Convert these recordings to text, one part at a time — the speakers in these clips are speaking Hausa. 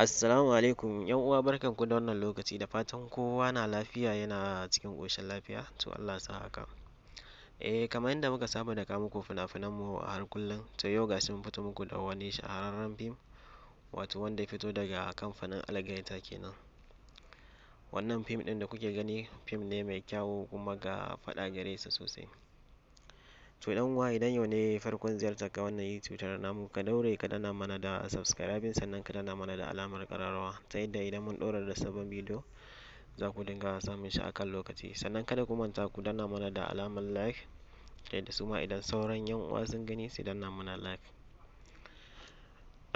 Assalamu alaikum, ‘yan uwa barkanku da wannan lokaci da fatan kowa na lafiya yana cikin koshin lafiya, to Allah sa haka. Eh kamar yadda muka saba da kawo muku fina mu a har kullum, to yau ga shi mun fito muku da wani shahararren fim wato wanda ya fito daga kamfanin Algaita kenan. Wannan fim ɗin da kuke gani fim ne mai kyawu kuma ga faɗa gare sa sosai. To dan uwa idan yau ne farkon ziyartar ka wannan YouTube namu ka daure ka dana mana da subscribing sannan ka dana mana da alamar kararrawa ta yadda idan mun ɗora da sabon bidiyo za ku dinga samun shi akan lokaci sannan kada ku manta ku dana mana da alamar like ta yadda su ma idan sauran yan uwa sun gani su dana mana like.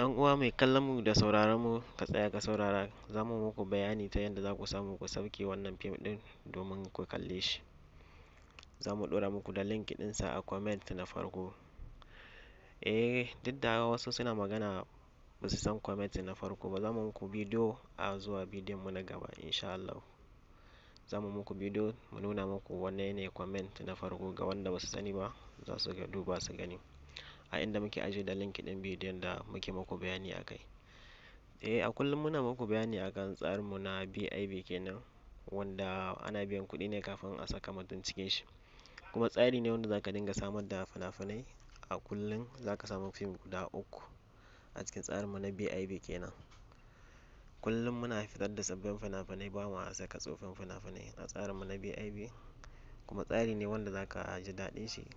Ɗan uwa mai kallon mu da sauraron mu ka tsaya ka saurara za mu muku bayani ta yadda za ku samu ku sauke wannan fim ɗin domin ku kalle shi. za mu ɗora muku da link ɗinsa a comment na farko eh duk da wasu suna magana ba su san comment na farko ba za mu muku bidiyo a zuwa bidiyon mu na gaba insha Allah za mu muku bidiyo mu nuna muku wanne ne comment na farko ga wanda ba su sani ba za su ga duba su gani a inda muke ajiye da link ɗin bidiyon da muke muku bayani a kai eh a kullum muna muku bayani a akan mu na BIB kenan wanda ana biyan kuɗi ne kafin a saka mutum cikin shi kuma tsari ne wanda zaka dinga samar da fina-finai a kullum zaka samu fim guda uku a cikin tsarin mu na BIB kenan kullum muna fitar da sabbin fina-finai ba ma saka tsofin fina-finai a tsarin mu na BIB kuma tsari ne wanda zaka ji daɗin shi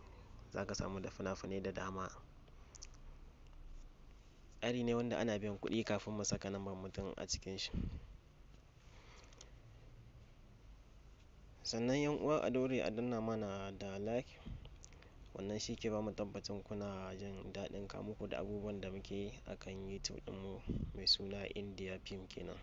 zaka samu da fina-finai da dama tsari ne wanda ana biyan kuɗi kafin mu saka lambar mutum a cikin shi sannan yan uwa a daure a danna mana da like wannan shi ke ba mu tabbacin kuna jin daɗin kamuku da abubuwan da muke akan youtube mu mai suna indiya film kenan